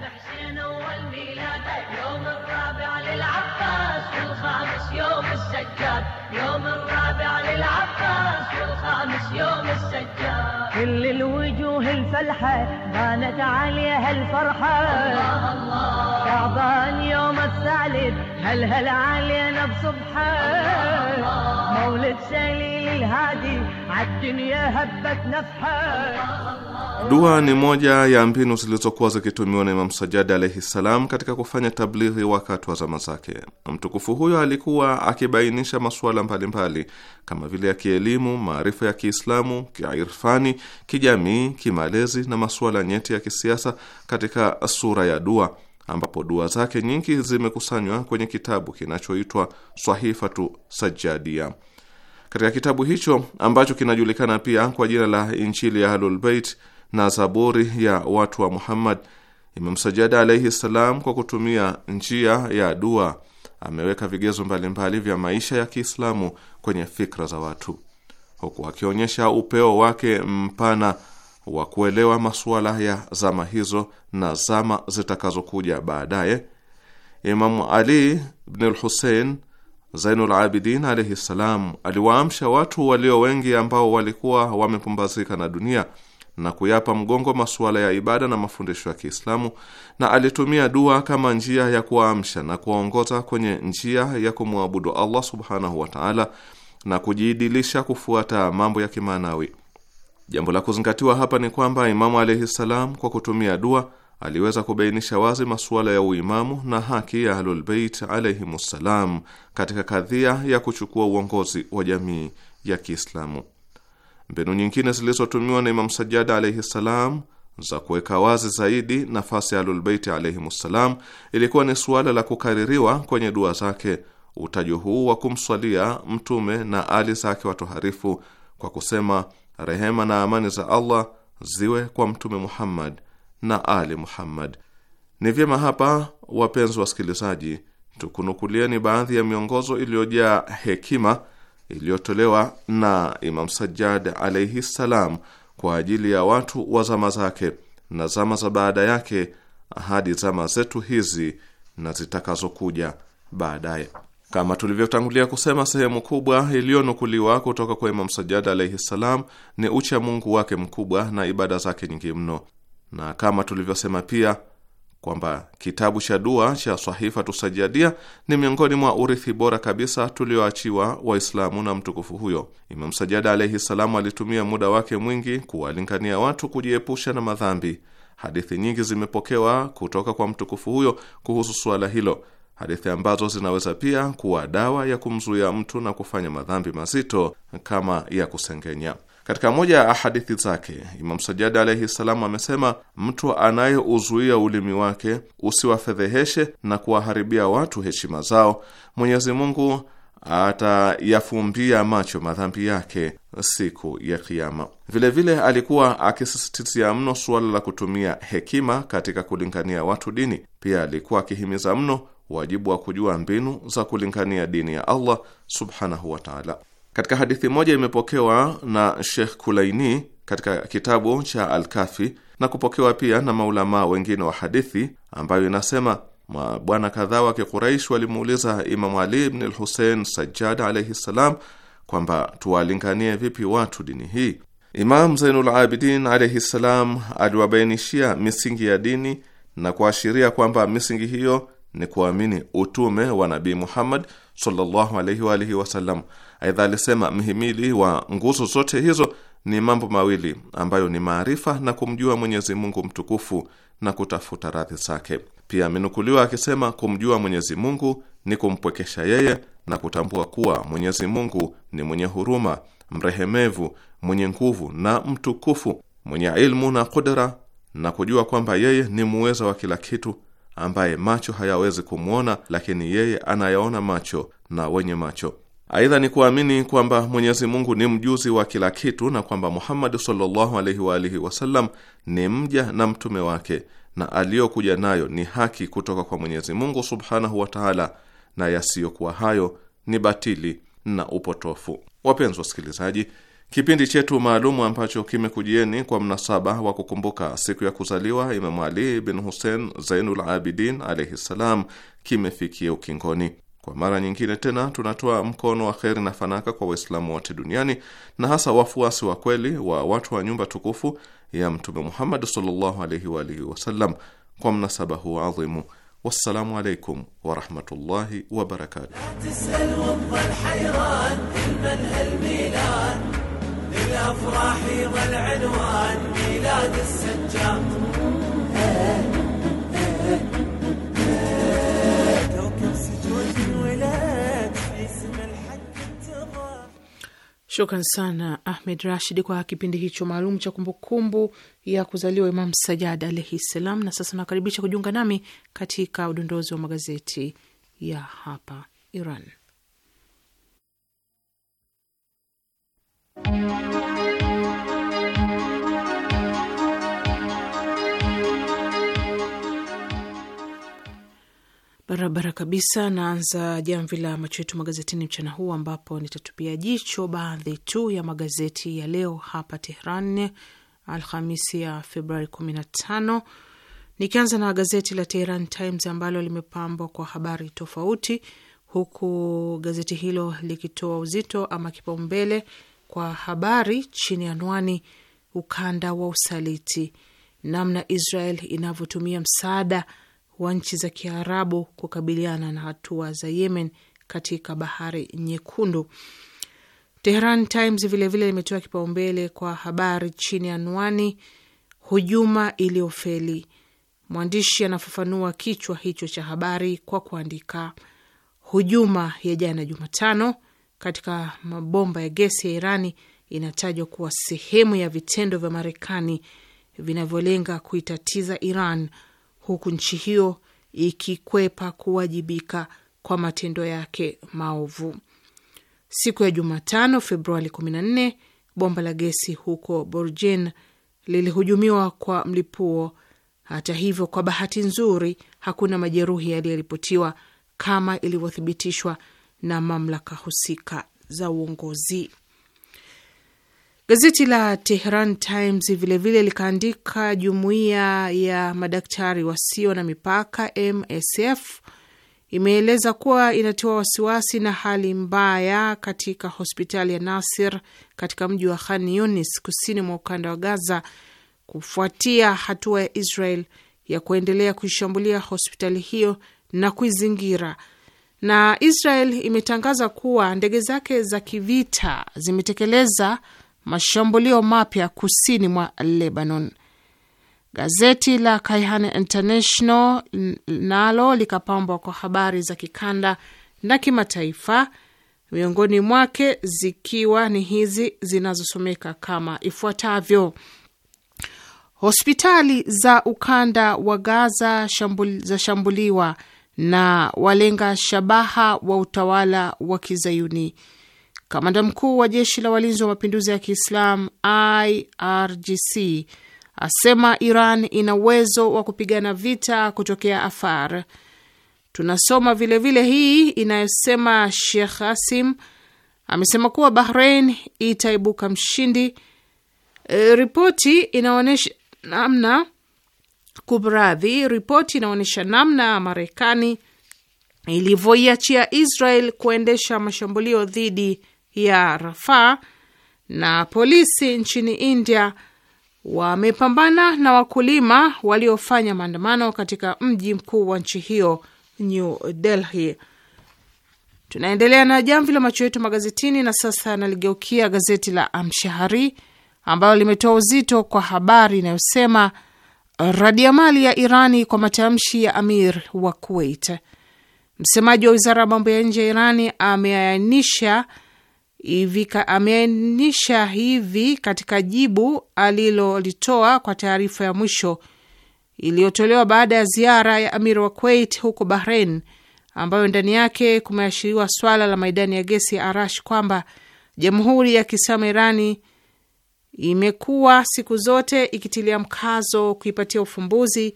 كل الوجوه الفلحة بانت عليها الفرحة شعبان يوم الثالث هل هل علينا بصبحة مولد سليل الهادي Dua ni moja ya mbinu zilizokuwa zikitumiwa na Imam Sajadi alaihi ssalam katika kufanya tablighi wakati wa zama zake. Mtukufu huyo alikuwa akibainisha masuala mbalimbali kama vile ya kielimu, maarifa ya Kiislamu, kiirfani, kijamii, kimalezi na masuala nyeti ya kisiasa katika sura ya dua, ambapo dua zake nyingi zimekusanywa kwenye kitabu kinachoitwa Swahifatu Sajadia. Katika kitabu hicho ambacho kinajulikana pia kwa jina la Injili ya Ahlul Bait na Zaburi ya watu wa Muhammad, Imam Sajjad alayhi salam, kwa kutumia njia ya dua ameweka vigezo mbalimbali vya maisha ya Kiislamu kwenye fikra za watu, huku akionyesha upeo wake mpana wa kuelewa masuala ya zama hizo na zama zitakazokuja baadaye. Imamu Ali bin al-Hussein Zainul Abidin alaihi ssalam aliwaamsha watu walio wengi ambao walikuwa wamepumbazika na dunia na kuyapa mgongo masuala ya ibada na mafundisho ya Kiislamu, na alitumia dua kama njia ya kuwaamsha na kuwaongoza kwenye njia ya kumwabudu Allah subhanahu wa taala na kujiidilisha kufuata mambo ya kimaanawi. Jambo la kuzingatiwa hapa ni kwamba Imamu alaihi ssalam kwa kutumia dua aliweza kubainisha wazi masuala ya uimamu na haki ya Ahlulbeit alaihimussalam katika kadhia ya kuchukua uongozi wa jamii ya Kiislamu. Mbinu nyingine zilizotumiwa na Imam Sajjad alaihi ssalam za kuweka wazi zaidi nafasi ya Ahlulbeiti alaihimussalam ilikuwa ni suala la kukaririwa kwenye dua zake utajo huu wa kumswalia Mtume na ali zake watoharifu kwa kusema rehema na amani za Allah ziwe kwa Mtume Muhammad na Ali Muhammad. Ni vyema hapa, wapenzi wasikilizaji, tukunukulieni baadhi ya miongozo iliyojaa hekima iliyotolewa na Imam Sajjad alaihi ssalam kwa ajili ya watu wa zama zake na zama za baada yake hadi zama zetu hizi na zitakazokuja baadaye. Kama tulivyotangulia kusema, sehemu kubwa iliyonukuliwa kutoka kwa Imam Sajjad alaihi ssalam ni ucha Mungu wake mkubwa na ibada zake nyingi mno na kama tulivyosema pia kwamba kitabu cha dua cha Sahifa Tusajadia ni miongoni mwa urithi bora kabisa tulioachiwa Waislamu na mtukufu huyo. Imam Sajada alaihi salamu alitumia muda wake mwingi kuwalingania watu kujiepusha na madhambi. Hadithi nyingi zimepokewa kutoka kwa mtukufu huyo kuhusu suala hilo, hadithi ambazo zinaweza pia kuwa dawa ya kumzuia mtu na kufanya madhambi mazito kama ya kusengenya. Katika moja ya hadithi zake Imam Sajjad alayhi salamu amesema, mtu anayeuzuia ulimi wake usiwafedheheshe na kuwaharibia watu heshima zao, Mwenyezi Mungu atayafumbia macho madhambi yake siku ya Kiyama. Vilevile alikuwa akisisitizia mno suala la kutumia hekima katika kulingania watu dini. Pia alikuwa akihimiza mno wajibu wa kujua mbinu za kulingania dini ya Allah subhanahu wa ta'ala. Katika hadithi moja imepokewa na Sheikh Kulaini katika kitabu cha Alkafi na kupokewa pia na maulamaa wengine wa hadithi ambayo inasema mabwana kadhaa wa Kikuraishi walimuuliza Imamu Ali ibn al-Hussein Sajjad alayhi salam kwamba tuwalinganie vipi watu dini hii. Imam Zainul Abidin alayhi salam aliwabainishia misingi ya dini na kuashiria kwamba misingi hiyo ni kuamini utume wa Nabii Muhammad sallallahu alaihi wa alihi wasallam. Aidha alisema mhimili wa nguzo zote hizo ni mambo mawili ambayo ni maarifa na kumjua Mwenyezi Mungu mtukufu na kutafuta radhi zake. Pia amenukuliwa akisema kumjua Mwenyezi Mungu ni kumpwekesha yeye na kutambua kuwa Mwenyezi Mungu ni mwenye huruma, mrehemevu, mwenye nguvu na mtukufu, mwenye ilmu na kudra, na kujua kwamba yeye ni muweza wa kila kitu ambaye macho hayawezi kumwona, lakini yeye anayaona macho na wenye macho. Aidha ni kuamini kwamba Mwenyezi Mungu ni mjuzi wa kila kitu na kwamba Muhammad sallallahu alaihi wa alihi wasallam ni mja na mtume wake na aliyokuja nayo ni haki kutoka kwa Mwenyezi Mungu subhanahu wa taala, na yasiyokuwa hayo ni batili na upotofu. Wapenzi wasikilizaji Kipindi chetu maalumu ambacho kimekujieni kwa mnasaba wa kukumbuka siku ya kuzaliwa Imamu Ali bin Hussein Zainul Abidin alaihi ssalam kimefikia ukingoni. Kwa mara nyingine tena tunatoa mkono wa kheri na fanaka kwa Waislamu wote duniani na hasa wafuasi wa kweli wa watu wa nyumba tukufu ya Mtume Muhammad sallallahu alaihi wa alihi wasallam kwa mnasaba huu adhimu. Wassalamu alaikum warahmatullahi wabarakatuh. عنوان ميلاد Shukran sana Ahmed Rashid kwa kipindi hicho maalum cha kumbukumbu ya kuzaliwa Imam Sajad alaihi ssalam. Na sasa nakaribisha kujiunga nami katika udondozi wa magazeti ya hapa Iran. Barabara kabisa. Naanza jamvi la macho yetu magazetini mchana huu, ambapo nitatupia jicho baadhi tu ya magazeti ya leo hapa Tehran, Alhamisi ya Februari 15, nikianza na gazeti la Tehran Times ambalo limepambwa kwa habari tofauti, huku gazeti hilo likitoa uzito ama kipaumbele kwa habari chini ya anwani ukanda wa usaliti, namna Israel inavyotumia msaada wa nchi za Kiarabu kukabiliana na hatua za Yemen katika bahari Nyekundu. Tehran Times vilevile imetoa kipaumbele kwa habari chini ya anwani hujuma iliyofeli. Mwandishi anafafanua kichwa hicho cha habari kwa kuandika hujuma ya jana Jumatano katika mabomba ya gesi ya Irani inatajwa kuwa sehemu ya vitendo vya Marekani vinavyolenga kuitatiza Iran, huku nchi hiyo ikikwepa kuwajibika kwa matendo yake maovu. Siku ya Jumatano, Februari 14, bomba la gesi huko Borjen lilihujumiwa kwa mlipuo. Hata hivyo, kwa bahati nzuri hakuna majeruhi yaliyoripotiwa kama ilivyothibitishwa na mamlaka husika za uongozi. Gazeti la Tehran Times vilevile likaandika, jumuiya ya madaktari wasio na mipaka MSF imeeleza kuwa inatiwa wasiwasi na hali mbaya katika hospitali ya Nasir katika mji wa Khan Yunis kusini mwa ukanda wa Gaza kufuatia hatua ya Israel ya kuendelea kuishambulia hospitali hiyo na kuizingira na Israel imetangaza kuwa ndege zake za kivita zimetekeleza mashambulio mapya kusini mwa Lebanon. Gazeti la Kaihan International nalo likapambwa kwa habari za kikanda na kimataifa, miongoni mwake zikiwa ni hizi zinazosomeka kama ifuatavyo: hospitali za ukanda wa Gaza shambuli, za shambuliwa na walenga shabaha wa utawala wa Kizayuni. Kamanda mkuu wa jeshi la walinzi wa mapinduzi ya Kiislamu IRGC asema Iran ina uwezo wa kupigana vita kutokea Afar. Tunasoma vilevile vile hii inayosema Sheikh Hasim amesema kuwa Bahrain itaibuka mshindi. E, ripoti inaonyesha namna kumradhi ripoti inaonyesha namna Marekani ilivyoiachia Israel kuendesha mashambulio dhidi ya Rafaa, na polisi nchini India wamepambana na wakulima waliofanya maandamano katika mji mkuu wa nchi hiyo New Delhi. Tunaendelea na jamvi la macho yetu magazetini, na sasa naligeukia gazeti la Amshahari ambalo limetoa uzito kwa habari inayosema radiamali ya Irani kwa matamshi ya amir wa Kuwait. Msemaji wa wizara ya mambo ya nje ya Irani ameainisha hivi, ameainisha hivi katika jibu alilolitoa kwa taarifa ya mwisho iliyotolewa baada ya ziara ya amir wa Kuwait huko Bahrain, ambayo ndani yake kumeashiriwa swala la maidani ya gesi ya Arash kwamba jamhuri ya Kiislamu Irani imekuwa siku zote ikitilia mkazo kuipatia ufumbuzi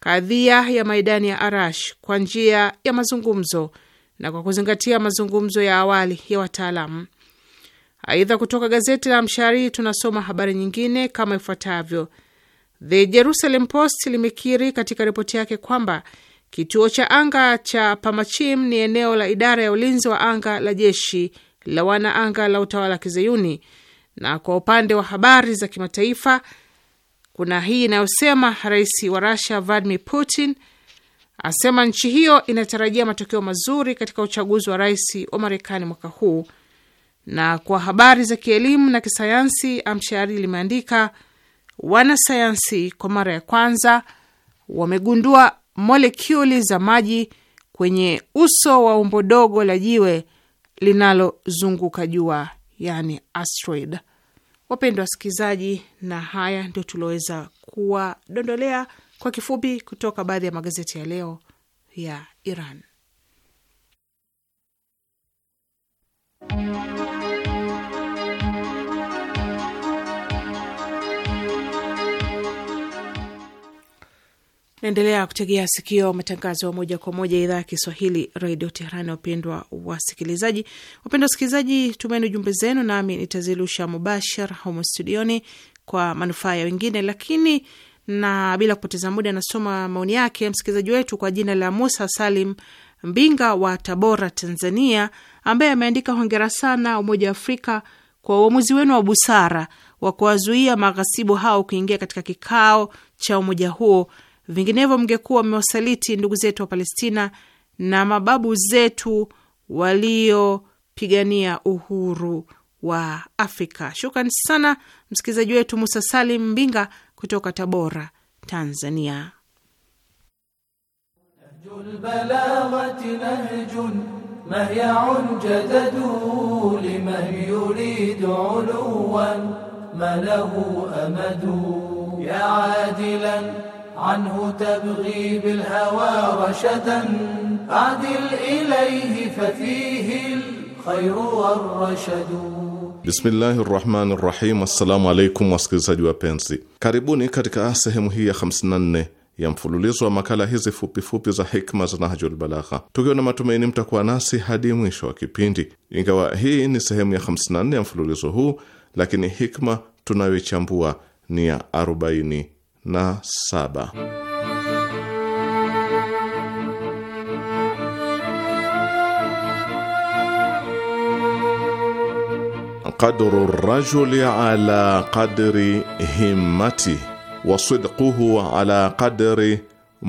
kadhia ya maidani ya Arash kwa njia ya mazungumzo na kwa kuzingatia mazungumzo ya awali ya wataalamu. Aidha, kutoka gazeti la Mshari tunasoma habari nyingine kama ifuatavyo: The Jerusalem Post limekiri katika ripoti yake kwamba kituo cha anga cha Pamachim ni eneo la idara ya ulinzi wa anga la jeshi la wanaanga la utawala wa kizayuni na kwa upande wa habari za kimataifa kuna hii inayosema rais wa Rusia Vladimir Putin asema nchi hiyo inatarajia matokeo mazuri katika uchaguzi wa rais wa Marekani mwaka huu. Na kwa habari za kielimu na kisayansi, Amshari limeandika wanasayansi kwa mara ya kwanza wamegundua molekuli za maji kwenye uso wa umbo dogo la jiwe linalozunguka jua, yani asteroid. Wapendwa wasikilizaji, na haya ndio tulioweza kuwadondolea kwa kifupi kutoka baadhi ya magazeti ya leo ya Iran. endelea kutegea sikio matangazo ya moja kwa moja idhaa ya Kiswahili redio Tehrani. Wapendwa wasikilizaji, wapendwa wasikilizaji, tumeni jumbe zenu, nami nitazirusha mubashar humo studioni kwa manufaa ya wengine. Lakini na bila kupoteza muda, nasoma maoni yake msikilizaji wetu kwa jina la Musa Salim Mbinga wa Tabora, Tanzania, ambaye ameandika hongera sana Umoja wa Afrika kwa uamuzi wenu wa busara wa kuwazuia maghasibu hao kuingia katika kikao cha umoja huo Vinginevyo mngekuwa mmewasaliti ndugu zetu wa Palestina na mababu zetu waliopigania uhuru wa Afrika. Shukrani sana msikilizaji wetu Musa Salim Mbinga kutoka Tabora, Tanzania. عنه تبغي بالهوى رشدا أعدل إليه ففيه الخير والرشد Bismillahi rahmani rahim. Assalamu alaikum wasikilizaji wapenzi, karibuni katika sehemu hii ya 54 ya mfululizo wa makala hizi fupifupi za hikma za Nahjul Balagha, tukiwa na matumaini mtakuwa nasi hadi mwisho wa kipindi. Ingawa hii ni sehemu ya 54 ya mfululizo huu, lakini hikma tunayoichambua ni ya 40 na saba. Qadru rajuli ala qadri himmati wa sidquhu ala qadri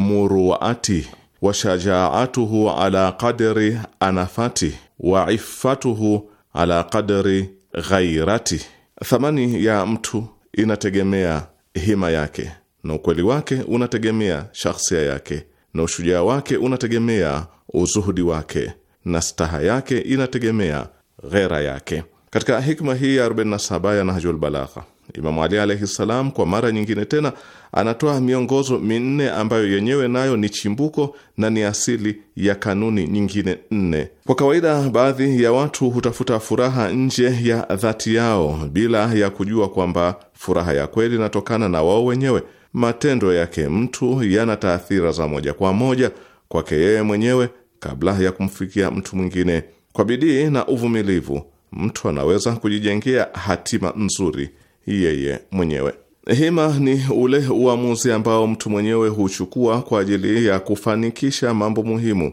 muruati wa shajaatuhu ala qadri anafati wa iffatuhu ala qadri ghairati, thamani ya mtu inategemea hima yake na ukweli wake unategemea shakhsia yake na ushujaa wake unategemea uzuhudi wake na staha yake inategemea ghera yake. Katika hikma hii ya 47 ya Nahjul Balagha, Imamu Ali alaihi ssalam kwa mara nyingine tena anatoa miongozo minne ambayo yenyewe nayo ni chimbuko na ni asili ya kanuni nyingine nne. Kwa kawaida, baadhi ya watu hutafuta furaha nje ya dhati yao bila ya kujua kwamba furaha ya kweli inatokana na wao wenyewe matendo yake mtu yana taathira za moja kwa moja kwake yeye mwenyewe kabla ya kumfikia mtu mwingine. Kwa bidii na uvumilivu, mtu anaweza kujijengea hatima nzuri yeye mwenyewe. Hima ni ule uamuzi ambao mtu mwenyewe huchukua kwa ajili ya kufanikisha mambo muhimu.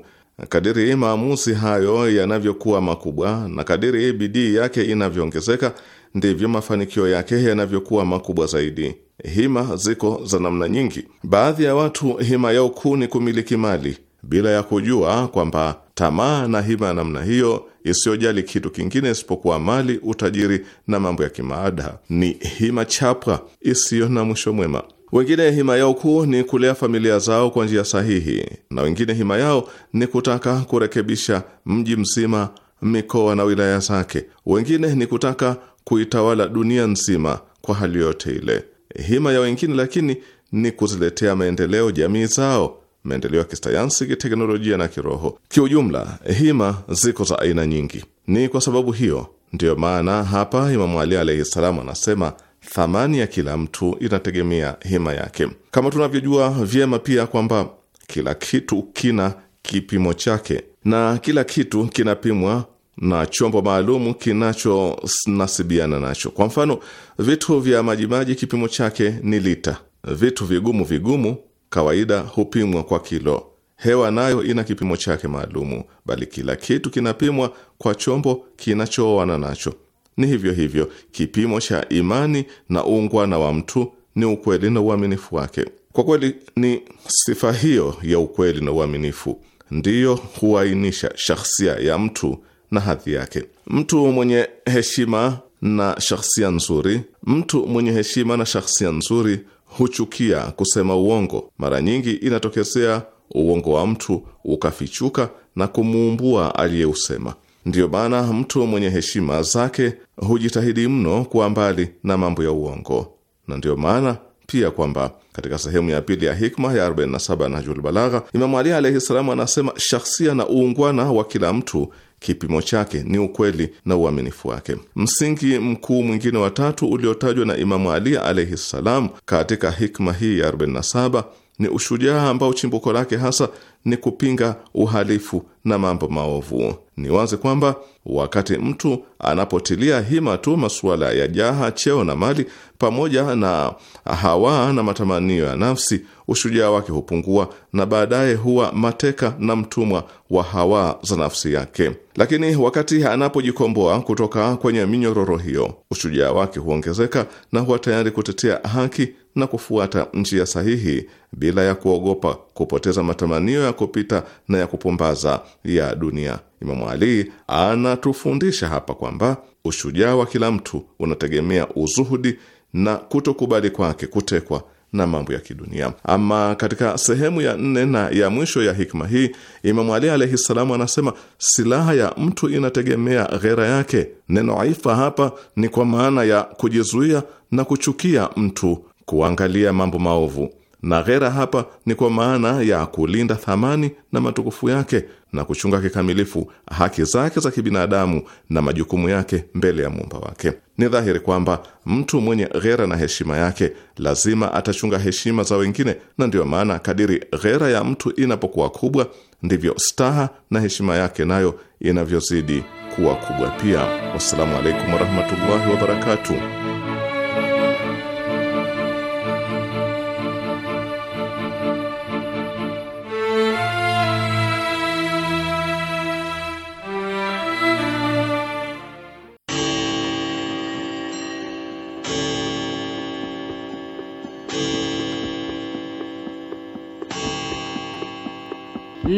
Kadiri maamuzi hayo yanavyokuwa makubwa na kadiri bidii yake inavyoongezeka, ndivyo mafanikio yake yanavyokuwa makubwa zaidi. Hima ziko za namna nyingi. Baadhi ya watu hima yao kuu ni kumiliki mali bila ya kujua kwamba tamaa na hima ya namna hiyo isiyojali kitu kingine isipokuwa mali, utajiri na mambo ya kimaada ni hima chapwa isiyo na mwisho mwema. Wengine hima yao kuu ni kulea familia zao kwa njia sahihi, na wengine hima yao ni kutaka kurekebisha mji mzima, mikoa na wilaya zake. Wengine ni kutaka kuitawala dunia nzima kwa hali yote ile. Hima ya wengine lakini ni kuziletea maendeleo jamii zao, maendeleo ya kisayansi, kiteknolojia na kiroho. Kiujumla, hima ziko za aina nyingi. Ni kwa sababu hiyo ndiyo maana hapa Imamu Ali alaihi salam anasema thamani ya kila mtu inategemea hima yake, kama tunavyojua vyema pia kwamba kila kitu kina kipimo chake na kila kitu kinapimwa na chombo maalumu kinachonasibiana nacho. Kwa mfano, vitu vya majimaji kipimo chake ni lita, vitu vigumu vigumu kawaida hupimwa kwa kilo. Hewa nayo ina kipimo chake maalumu, bali kila kitu kinapimwa kwa chombo kinachooana nacho. Ni hivyo hivyo, kipimo cha imani na uungwana wa mtu ni ukweli na uaminifu wake. Kwa kweli, ni sifa hiyo ya ukweli na uaminifu ndiyo huainisha shahsia ya mtu na hadhi yake. Mtu mwenye heshima na shahsia nzuri, mtu mwenye heshima na shahsia nzuri huchukia kusema uongo. Mara nyingi inatokezea uongo wa mtu ukafichuka na kumuumbua aliyeusema. Ndiyo maana mtu mwenye heshima zake hujitahidi mno kuwa mbali na mambo ya uongo, na ndiyo maana pia kwamba katika sehemu ya pili ya hikma ya 47 Nahjul Balagha, Imamu Ali alaihi salamu anasema, shakhsia na uungwana wa kila mtu kipimo chake ni ukweli na uaminifu wake. Msingi mkuu mwingine wa tatu uliotajwa na Imamu Ali alaihi ssalam katika hikma hii ya 47 ni ushujaa ambao chimbuko lake hasa ni kupinga uhalifu na mambo maovu. Ni wazi kwamba wakati mtu anapotilia hima tu masuala ya jaha, cheo na mali, pamoja na hawa na matamanio ya nafsi, ushujaa wake hupungua na baadaye huwa mateka na mtumwa wa hawa za nafsi yake. Lakini wakati anapojikomboa kutoka kwenye minyororo hiyo, ushujaa wake huongezeka na huwa tayari kutetea haki na kufuata njia sahihi bila ya kuogopa kupoteza matamanio ya kupita na ya kupumbaza ya dunia. Imamu Ali anatufundisha hapa kwamba ushujaa wa kila mtu unategemea uzuhudi na kutokubali kwake kutekwa na mambo ya kidunia. Ama katika sehemu ya nne na ya mwisho ya hikma hii, Imamu Ali alaihi ssalamu anasema silaha ya mtu inategemea ghera yake. Neno ifa hapa ni kwa maana ya kujizuia na kuchukia mtu kuangalia mambo maovu na ghera hapa ni kwa maana ya kulinda thamani na matukufu yake na kuchunga kikamilifu haki zake za kibinadamu na majukumu yake mbele ya muumba wake. Ni dhahiri kwamba mtu mwenye ghera na heshima yake lazima atachunga heshima za wengine, na ndiyo maana kadiri ghera ya mtu inapokuwa kubwa, ndivyo staha na heshima yake nayo inavyozidi kuwa kubwa pia. Wassalamu alaikum warahmatullahi wabarakatuh.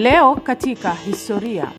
Leo katika historia.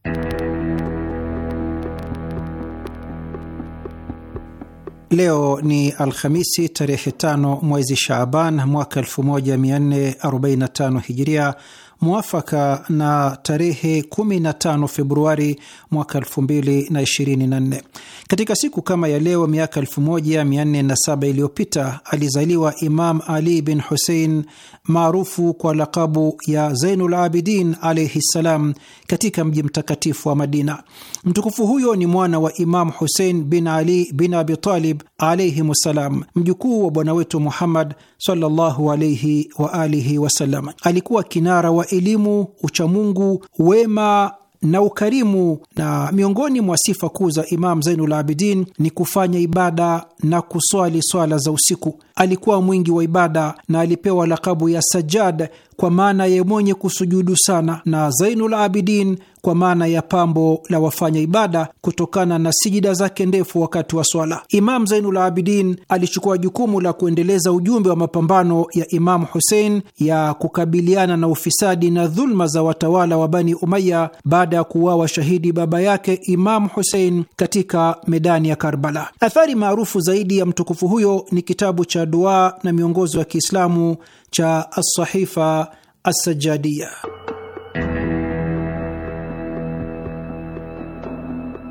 Leo ni Alhamisi tarehe tano mwezi Shaaban mwaka 1445 Hijiria mwafaka na tarehe 15 Februari mwaka 2024. Katika siku kama ya leo miaka 1407 iliyopita alizaliwa Imam Ali bin Hussein maarufu kwa lakabu ya Zainul Abidin alaihi ssalam katika mji mtakatifu wa Madina. Mtukufu huyo ni mwana wa Imamu Husein bin Ali bin Abitalib alaihim ssalam, mjukuu wa bwana wetu Muhammad sallallahu alaihi wa alihi wasallam. Alikuwa kinara wa elimu, uchamungu, wema na ukarimu, na miongoni mwa sifa kuu za Imam Zainul Abidin ni kufanya ibada na kuswali swala za usiku. Alikuwa mwingi wa ibada na alipewa lakabu ya Sajad, kwa maana ye mwenye kusujudu sana, na Zainul Abidin kwa maana ya pambo la wafanya ibada kutokana na sijida zake ndefu wakati wa swala. Imam Zainul Abidin alichukua jukumu la kuendeleza ujumbe wa mapambano ya Imamu Husein ya kukabiliana na ufisadi na dhuluma za watawala wa Bani Umaya baada ya kuuawa shahidi baba yake Imamu Husein katika medani ya Karbala. Athari maarufu zaidi ya mtukufu huyo ni kitabu cha dua na miongozo ya Kiislamu cha Assahifa Assajadia.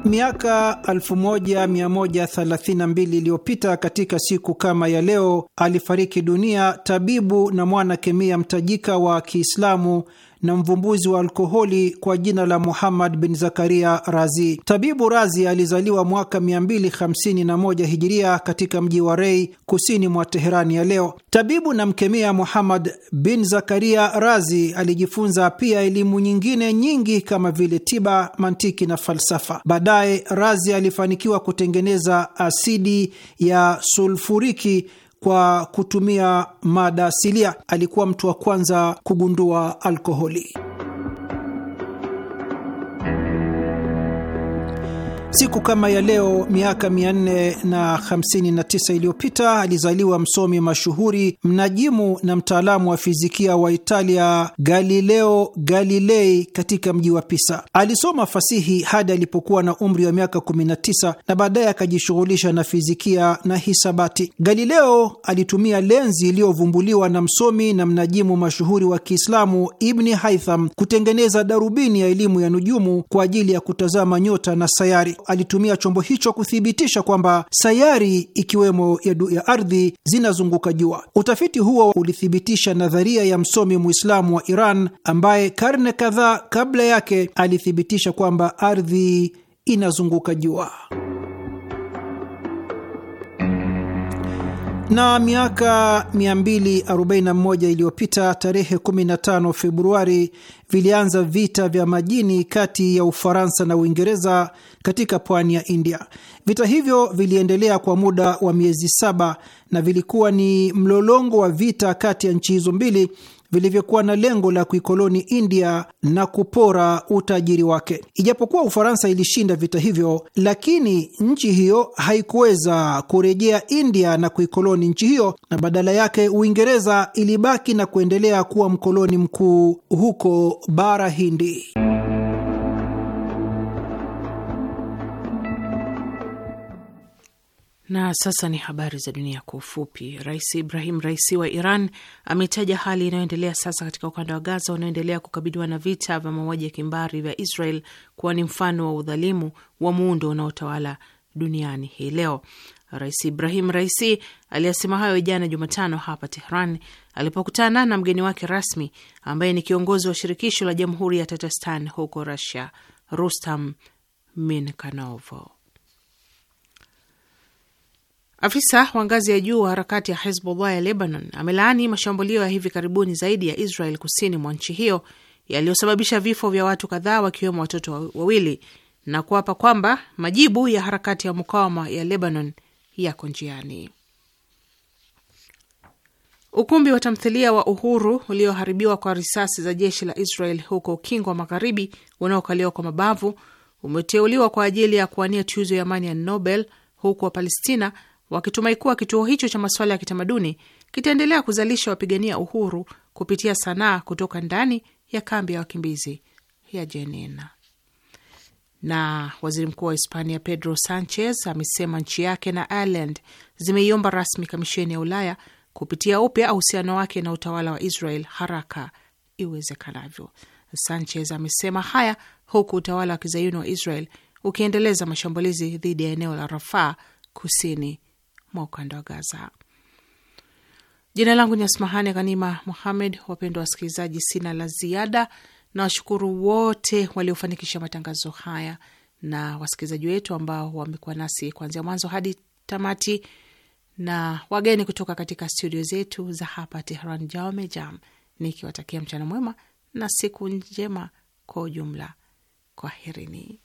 Miaka 1132 iliyopita katika siku kama ya leo alifariki dunia tabibu na mwana kemia mtajika wa Kiislamu na mvumbuzi wa alkoholi kwa jina la Muhammad bin Zakaria Razi. Tabibu Razi alizaliwa mwaka 251 hijiria katika mji wa Rei, kusini mwa Teherani ya leo. Tabibu na mkemia Muhammad bin Zakaria Razi alijifunza pia elimu nyingine nyingi kama vile tiba, mantiki na falsafa. Baadaye Razi alifanikiwa kutengeneza asidi ya sulfuriki kwa kutumia mada asilia. Alikuwa mtu wa kwanza kugundua alkoholi. Siku kama ya leo miaka 459 iliyopita alizaliwa msomi mashuhuri, mnajimu na mtaalamu wa fizikia wa Italia, Galileo Galilei, katika mji wa Pisa. Alisoma fasihi hadi alipokuwa na umri wa miaka 19 na baadaye akajishughulisha na fizikia na hisabati. Galileo alitumia lenzi iliyovumbuliwa na msomi na mnajimu mashuhuri wa Kiislamu Ibni Haytham kutengeneza darubini ya elimu ya nujumu kwa ajili ya kutazama nyota na sayari alitumia chombo hicho kuthibitisha kwamba sayari ikiwemo ya ardhi zinazunguka jua. Utafiti huo ulithibitisha nadharia ya msomi Muislamu wa Iran ambaye karne kadhaa kabla yake alithibitisha kwamba ardhi inazunguka jua. Na miaka 241 iliyopita tarehe 15 Februari vilianza vita vya majini kati ya Ufaransa na Uingereza katika pwani ya India. Vita hivyo viliendelea kwa muda wa miezi saba na vilikuwa ni mlolongo wa vita kati ya nchi hizo mbili vilivyokuwa na lengo la kuikoloni India na kupora utajiri wake. Ijapokuwa Ufaransa ilishinda vita hivyo, lakini nchi hiyo haikuweza kurejea India na kuikoloni nchi hiyo, na badala yake Uingereza ilibaki na kuendelea kuwa mkoloni mkuu huko bara Hindi. Na sasa ni habari za dunia kwa ufupi. Rais Ibrahim Raisi wa Iran ametaja hali inayoendelea sasa katika ukanda wa Gaza unaoendelea kukabidiwa na vita vya mauaji ya kimbari vya Israel kuwa ni mfano wa udhalimu wa muundo unaotawala duniani hii leo. Rais Ibrahim Raisi aliyasema hayo jana Jumatano hapa Tehran alipokutana na mgeni wake rasmi ambaye ni kiongozi wa shirikisho la jamhuri ya Tatarstan huko Rusia, Rustam Minkanovo. Afisa wa ngazi ya juu wa harakati ya Hezbollah ya Lebanon amelaani mashambulio ya hivi karibuni zaidi ya Israel kusini mwa nchi hiyo yaliyosababisha vifo vya watu kadhaa wakiwemo watoto wawili na kuapa kwamba majibu ya harakati ya mukawama ya Lebanon yako njiani. Ukumbi wa tamthilia wa Uhuru ulioharibiwa kwa risasi za jeshi la Israel huko Ukingo wa Magharibi unaokaliwa kwa mabavu umeteuliwa kwa ajili ya kuwania tuzo ya amani ya Nobel, huku Wapalestina wakitumai kuwa kituo hicho cha masuala ya kitamaduni kitaendelea kuzalisha wapigania uhuru kupitia sanaa kutoka ndani ya kambi ya wakimbizi ya Jenina. Na waziri mkuu wa Hispania Pedro Sanchez amesema nchi yake na Ireland zimeiomba rasmi kamisheni ya Ulaya kupitia upya uhusiano wake na utawala wa Israel haraka iwezekanavyo. Sanchez amesema haya huku utawala wa kizayuni wa Israel ukiendeleza mashambulizi dhidi ya eneo la Rafaa kusini mwa ukanda wa Gaza. Jina langu ni Asmahani Ghanima Muhamed. Wapendwa wasikilizaji, sina la ziada na washukuru wote waliofanikisha matangazo haya na wasikilizaji wetu ambao wamekuwa nasi kuanzia mwanzo hadi tamati na wageni kutoka katika studio zetu za hapa Tehran, Jam, nikiwatakia mchana mwema na siku njema kwa ujumla. Kwaherini.